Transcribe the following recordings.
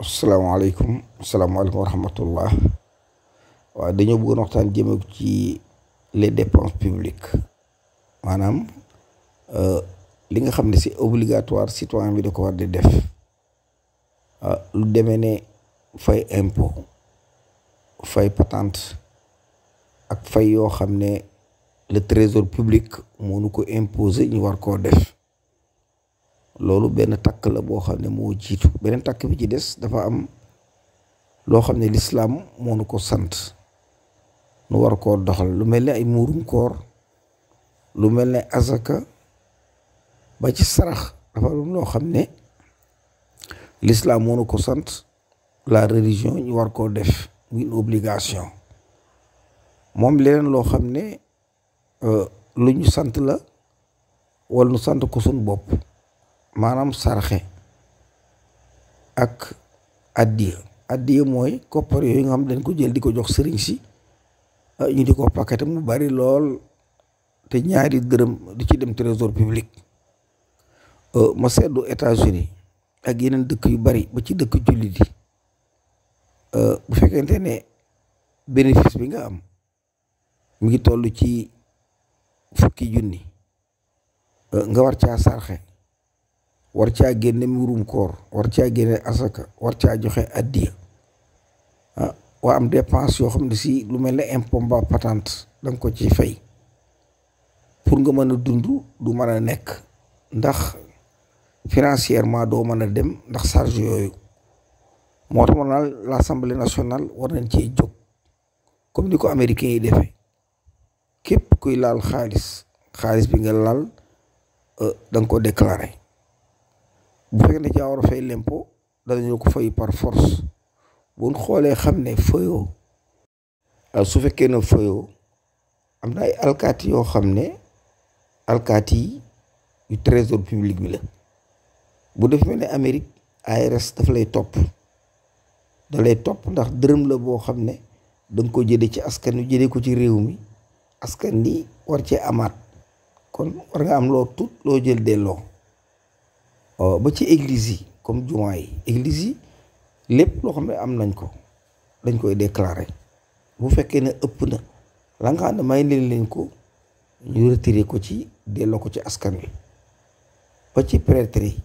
asalaamaaleykum asalaamaaleykum wa rahmatullah waaw dañoo bëggoon waxtaan jëme ci les dépenses publiques maanaam euh, li nga xam ne si obligatoire citoyen bi da ko war di def ah, lu demee ne fay impo fay patente ak fay yoo xam ne le trésor publique moo nu ko imposer ñu war koo def loolu benn takk la boo xam ne moo jiitu beneen takk bi ci des dafa am loo xam ne lislaam moo nu ko sant nu war koo doxal lu mel ne ay muurum lu mel ne azaka ba sarax loo xam ne lislaam moo ko sant la religion ñu war koo def muy obligation moom leneen loo xam ne euh, lu ñu sant la wala nu sant ko suñ bopp maanaam sarxe ak addiya addiya mooy koppar yooyu nga xam dañ ko jël di ko jox sëriñ si ah, ñu di ko paquete mu bari lool te ñaari dërëm di ci dem trésor public euh, ma seddu États-Unis ak yeneen dëkk yu bari ba ci dëkk jullit yi euh, bu fekkente ne bénéfice bi nga am mu ngi toll ci fukki junni euh, nga war caa sarxe war caa génne mbirum koor war caa génne asaka war caa joxe addiya ah waa am dépense yoo xam ne si lu mel ne impôt mbaa patente da nga ko ci fay pour nga mën a dund du mën a nekk ndax financièrement doo mën a dem ndax sarge yooyu moo tax ma naal l'Assemblée nationale war nañ ci jóg comme ni ko américains yi defee képp kuy laal xaalis xaalis bi nga laal euh, da nga ko déclaré bu fekkee ne ci fay lempo danañu ko fay par force bu ñu xoolee xam ne fayoo euh, su fekkee ne fayoo am na ay alkaati yoo xam ne alkaati yu trésor public bi la bu def mel ne Amérique ARS daf lay topp da lay topp ndax dërëm la boo xam ne danga ko jëlee ci askan wi jëlee ko ci réew mi askan li war ci amaat kon war nga am loo tut loo jël delloo. Euh, ba ci église yi comme jumaa yi église yi lépp loo xam ne am nañ ko dañ koy déclarer bu fekkee ne ëpp na la nga xam ne may leen leen ko ñu retirer ko ci delloo ko ci askan wi ba ci prêtre yi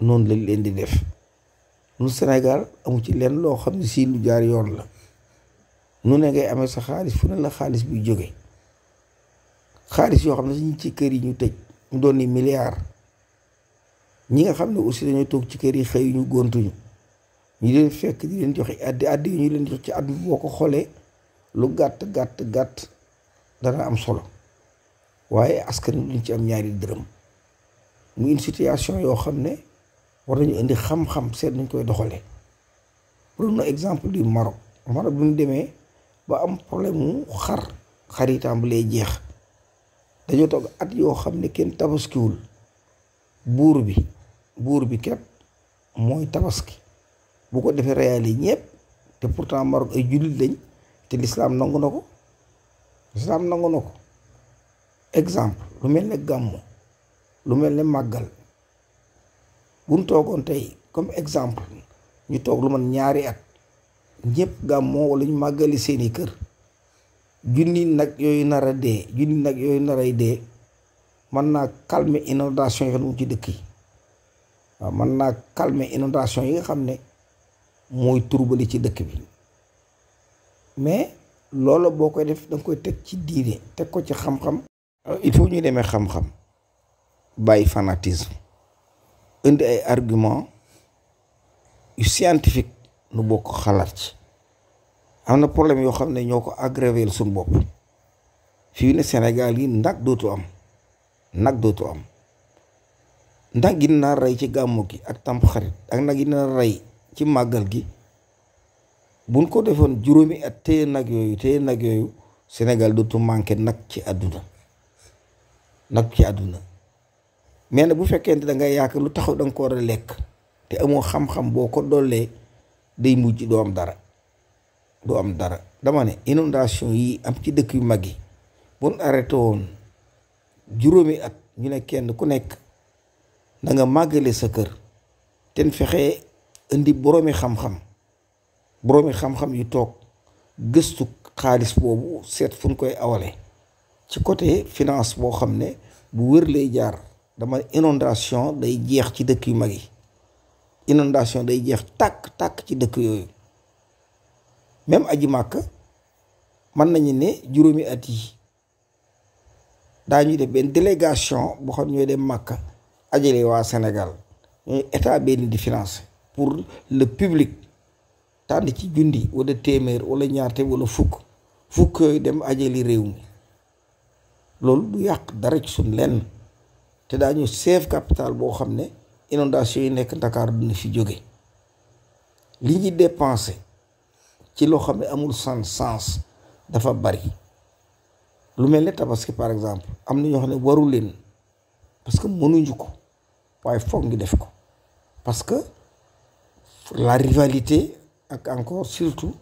noonu lañ leen di def nu Sénégal amu ci leen loo xam ne si lu jaar yoon la nu ne ngay amee sa xaalis fu ne la xaalis buy jóge xaalis yoo xam ne suñu ci kër yi ñu tëj ñu doon nii milliard ñi nga xam ne aussi dañoo toog ci kër yi xëy ñu gontuñu ñu leen fekk di leen joxe addi addi yi ñu leen jox ci at bi boo ko xoolee lu gàtt gàtt gàtt dana am solo waaye askan wi duñ ci am ñaari dërëm mu une situation yoo xam ne war nañu indi xam-xam seet nañ koy doxalee. prenons exemple du Maroc Maroc bi demee ba am problème mu xar xaritam bu lay jeex dañoo toog at yoo xam ne kenn tabaskiwul buur bi. buur bi ket mooy tabaski bu ko defee reyaale yi ñëpp te pourtant Maroc ay jullit lañ te lislaam nangu na ko lislaam nangu na ko exemple lu mel ne gàmmu lu mel ne màggal buñ toogoon tey comme exemple ñu toog lu man ñaari at ñëpp gàmmoo wala ñu màggali seeni kër junni nag yooyu nar a dee junni nag yooyu nar a dee mën naa calmer inondation yi mu ci dëkk yi waaw man naa calmer inondation yi nga xam ne mooy turbali ci dëkk bi mais loolu boo koy def danga koy teg ci diine teg ko ci xam-xam il faut ñuy demee xam-xam bàyyi fanatisme indi ay argument yu scientifique nu bokk xalaat ci am na problème yoo xam ne ñoo ko aggravé suñ bopp fii ne Sénégal yi nag dootu am nag dootu am ndax gi nar rey ci gàmmu gi ak tamxarit ak nag yi nar rey ci màggal gi buñ ko defoon juróomi at téye nag yooyu téye nag yooyu Sénégal dootu manqué nag ci àdduna nag ci àdduna mais nag bu fekkent da nga yaakaar lu taxaw da ko war a lekk te amoo xam-xam boo ko dollee day mujj doo am dara doo am dara dama inondation yi am ci dëkk yu mag yi bu nu arrêté woon juróomi at ñu ne kenn ku nekk na nga màggale sa kër ten fexe indi boroomi xam-xam boroomi xam-xam yu toog gëstu xaalis boobu seet fu ñu koy awale ci côté finance boo xam ne bu wér jaar dama inondation day jeex ci dëkk yu mag yi inondation day jeex tàkk tàkk ci dëkk yooyu même aji màkk mën nañu ne juróomi at yi daa daañu de benn délégation boo xam ñooy dem màkka ajale waa Sénégal ñooy état benn di financé pour le public tànn ci junni wala téeméer wala ñaarte walla fukk fukk dem ajali réew mi loolu du yàq dara ci suñ lenn te daañu save capital boo xam ne inondation yi nekk Dakar dina fi jóge li ñuy dépensé ci loo xam ne amul sans sens dafa bari lu mel ni tabaski par exemple am na ñoo xam ne waru leen parce que mënuñu ko waaye foog ngi def ko parce que la rivalité ak encore surtout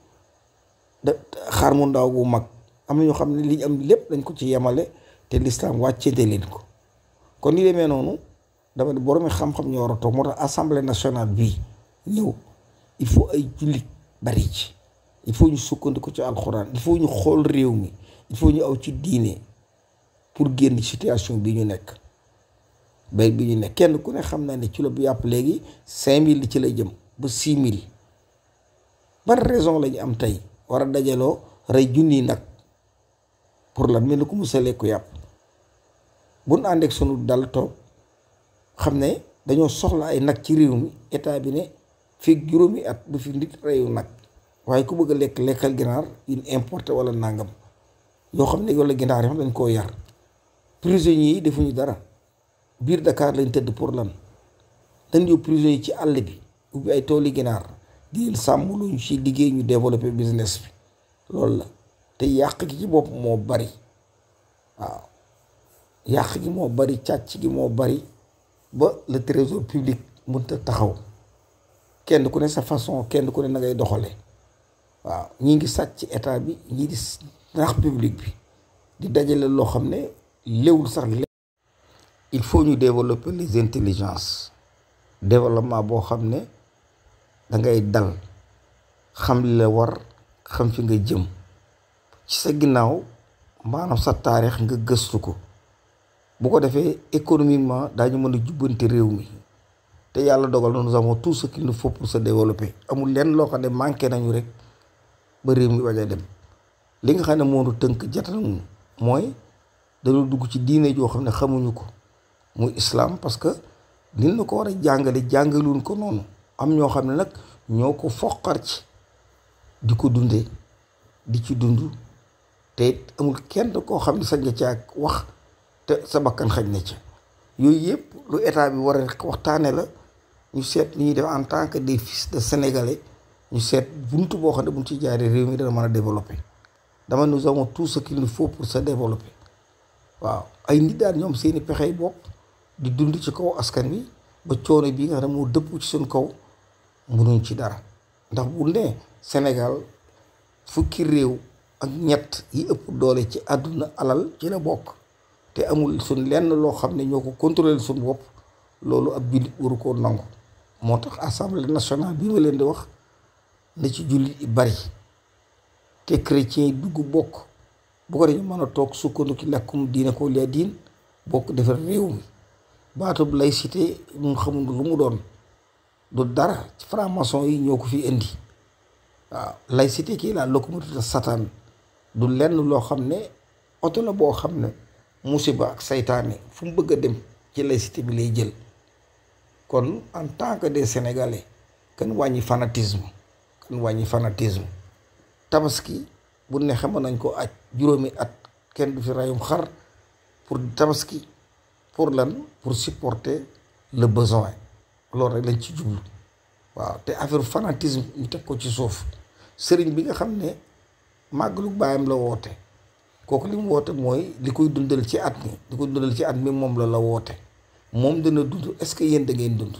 da xaar mu ndaw bu mag am na ñoo xam ne li am lépp dañ ko ci yemale te l'islam wàccete leen ko kon li demee noonu dama ne boromi xam-xam ñoo war a toog moo tax assemblée nationale bii ñëw il faut ay jullit bari ci il faut ñu sukkandiku ci alxuraan il faut ñu xool réew mi il faut ñu aw ci diine pour génn situation bi ñu nekk. béy bi ñu ne kenn ku ne xam naa ni kilo bu yàpp léegi cinq mille li ci lay jëm ba six mille ban raison lañu am tey war a dajaloo rey junni nag pour la mel ni ku musa lekku yàpp bu nu ànd sunu dal toog xam ne dañoo soxla ay nag ci réew mi état bi ne fii juróomi at bu fi nit reyu nag waaye ku bëgg a lekk lekkal ginaar yu importe wala nàngam yoo xam ne wala ginaar yoo xam dañ koo yar prisonniers yi defuñu dara. biir dakaar lañ tëdd pour lan dañ yóbbu prison yi ci àll bi ubbi ay tooli ginaar di sàmm luñ ci liggéey ñu développé business bi loolu la te yàq gi ci bopp moo bari waaw yàq gi moo bari càcc gi moo bari ba le trésor public mënta taxaw kenn ku ne sa façon kenn ku ne na ngay doxale waaw ñi ngi sàcc état bi ñi di nax public bi di dajale loo xam ne léwul sax il faut ñu développer les intelligences développement boo xam ne da ngay dal xam li la war xam fi nga jëm ci sa ginnaaw maanaam sa taarix nga gëstu ko bu ko defee économiquement daañu mën a jubbanti réew mi te yàlla dogal na nous avons tout ce qu'il nous faut pour se amul lenn loo xam ne manqué nañu rek ba réew mi bañ a dem li nga xam ne moonu tënk jot mooy dañu dugg ci diine joo xam ne xamuñu ko. muy islaam parce que nin la ko war a jàngale jàngaluñ ko noonu am ñoo xam ne nag ñoo ko foqar ci di ko dundee di ci dund te it amul kenn koo xam ne sañ nga ci ak wax te sa bakkan xaj na ci yooyu yëpp lu état bi war a waxtaane la ñu seet li ñuy def en tant que de fis de sénégalais ñu seet bunt boo xam ne buñ ci jaaree réew mi dana mën a développer dama nous avons tout ce qu'il nous faut pour se waaw ay nit daal ñoom seeni pexey bokk di dund ci kaw askan wi ba coono bi nga xam ne moo dëpp ci seen kaw mënuñ ci dara ndax bu ne Sénégal fukki réew ak ñett yi ëpp doole ci àdduna alal ci la bokk te amul suñ lenn loo xam ne ñoo ko contrôler suñ bopp loolu ab jullit waru koo nangu moo tax assemblée nationale bi ma leen di wax na ci jullit yi bari te chrétien yi dugg bokk bu dañu mën a toog sukkandu ci lakkum diine ko lia diin bokk defar réew mi baatub laïcité ñun xamul lu mu doon du dara ci franc yi ñoo ko fi indi waaw laïcité kii la locomotive de satan du lenn loo xam ne oto la boo xam ne musiba ak seytaane fu mu bëgg a dem ci laïcité bi lay jël kon en tant que des sénégalais kenn wàññi fanatisme kan wàññi fanatisme tabaski bu ne xam nañ ko aj juróomi at kenn du fi rayum xar pour tabaski pour lan pour supporter le besoin loolu rek lañ ci jublu waaw te affaire fanatisme ñu teg ko ci suuf sëriñ bi nga xam ne màgg lu baayam la woote kooku li mu woote mooy li koy dundal ci at mi li koy dundal ci at mi moom la la woote moom dana dund est-ce que yéen da ngeen dund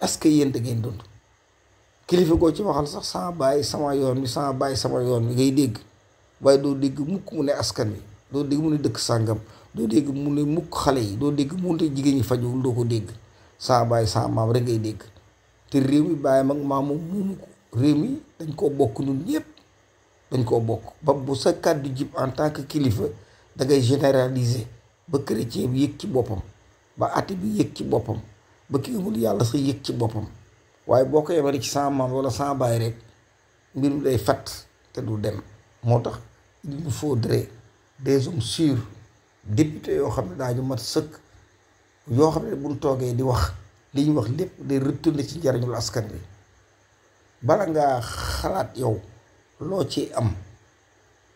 est-ce que yéen da ngeen dund kilifa goo ci waxal sax sama bàyyi sama yoon bi sama bàyyi sama yoon bi ngay dégg waaye doo dégg mukk mu ne askan wi doo dégg mu ne dëkk sàngam doo dégg mu ne mukk xale yi doo dégg mu ne jigéen ñi fajowul doo ko dégg saa baay rek ngay dégg te réew mi bàyyam ak maam moom moomu réew mi dañ koo bokk ñun ñëpp dañ koo bokk ba bu sa kàddu jib en tant que kilifa dangay ngay généraliser ba chrétien ci yëg ci boppam ba athée bi yëg ci boppam ba ki amul yàlla sa yëg ci boppam waaye boo ko yemale ci saa maam wala saa rek mbir mi day fat te du dem moo tax il nous faudrait des hommes sûrs député yoo xam ne daañu mat sëkk yoo xam ne buñ toogee di wax li ñu wax lépp day retourné ci njariñul askan wi bala ngaa xalaat yow loo ci am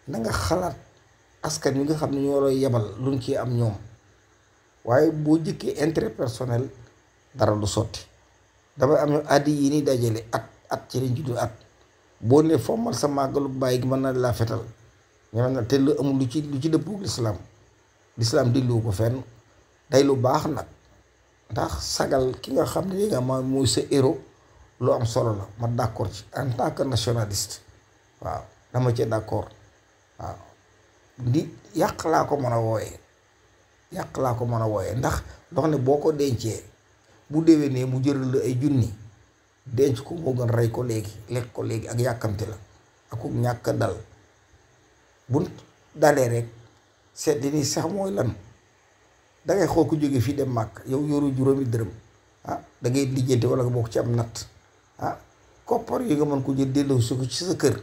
na nga xalaat askan wi nga xam ne ñoo looy yebal luñ ci am ñoom waaye boo jëkkee intérêt personnel dara lu sotti damay am ñu àddi yi nii dajale at at ci lañ juddu at boo ne fommal sa màggalu bàyyi gi mën na laa fetal ñu ne te lu amul lu ci lu ci dëppoo lislaam lislaam digluwu ko fenn day lu baax nag ndax sagal ki nga xam ne li nga ma muy sa héros lu am solo la ma d'accord ci en que nationaliste waaw dama ci d'accord waaw li yàq laa ko mën a wooyee yàq laa ko mën a wooyee ndax dox xam ne boo ko dencee bu déwénee mu jëral la ay junni denc ko moo gën rey ko léegi lekk ko léegi ak yàkkamte la ak ñàkk dal bu dalee rek sedd nii sax mooy lan dangay xool ku jóge fii dem màkk yow yoru juróomi dërëm ah da ngay lijjanti wala nga bokk ci am natt ah koppar yi nga mën ko jël delloo su ci sa kër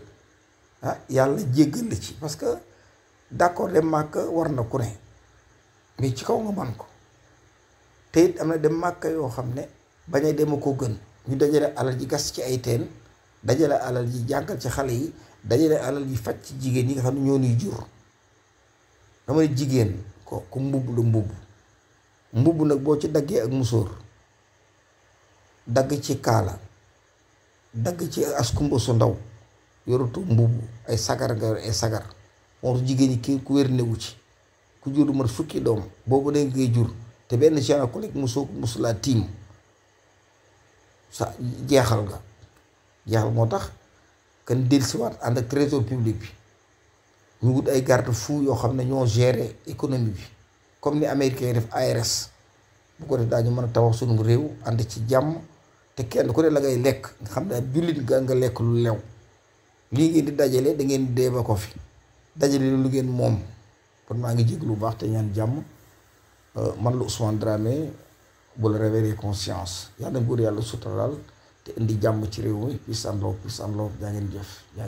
ah yàlla jéggal la ci parce que d'accord dem màkk war na ku ne mais ci kaw nga man ko te it am na dem màkk yoo xam ne bañ a dem ko gën ñu dajale alal ji gas ci ay teen dajale alal ji jàngal ci xale yi dajale alal ji faj ci jigéen yi nga xam ne ñoo nuy jur dama ne jigéen ko ku mbubb la mbubb mbubb nag boo ci daggee ak musóor dagg ci kaala dagg ci askumba su ndaw yorutu mbubb ay sagar nga ay sagar moo tax jigéen ñi kii ku ci ku jur mat fukki doom boobu dañ koy jur te benn genre ku nekk musoo musulaa tiim nga jeexal moo tax kan dellusiwaat ànd ak trésor public bi ñu wut ay garde fou yoo xam ne ñoo gérer économie bi comme ni américain yi def ARS bu ko def ñu mën a tabax suñu réew ànd ci jàmm te kenn ku ne la ngay lekk nga xam ne ab jullit nga nga lekk lu lew lii ngeen di dajale da ngeen dee ko fi dajale lu ngeen moom kon maa ngi jégg lu baax te ñaan jàmm euh, man lu Ousmane Dramé bu la réveiller conscience yàlla na buur yàlla suturaal te indi jàmm ci réew mi peace and love peace and love jaa ngeen jëf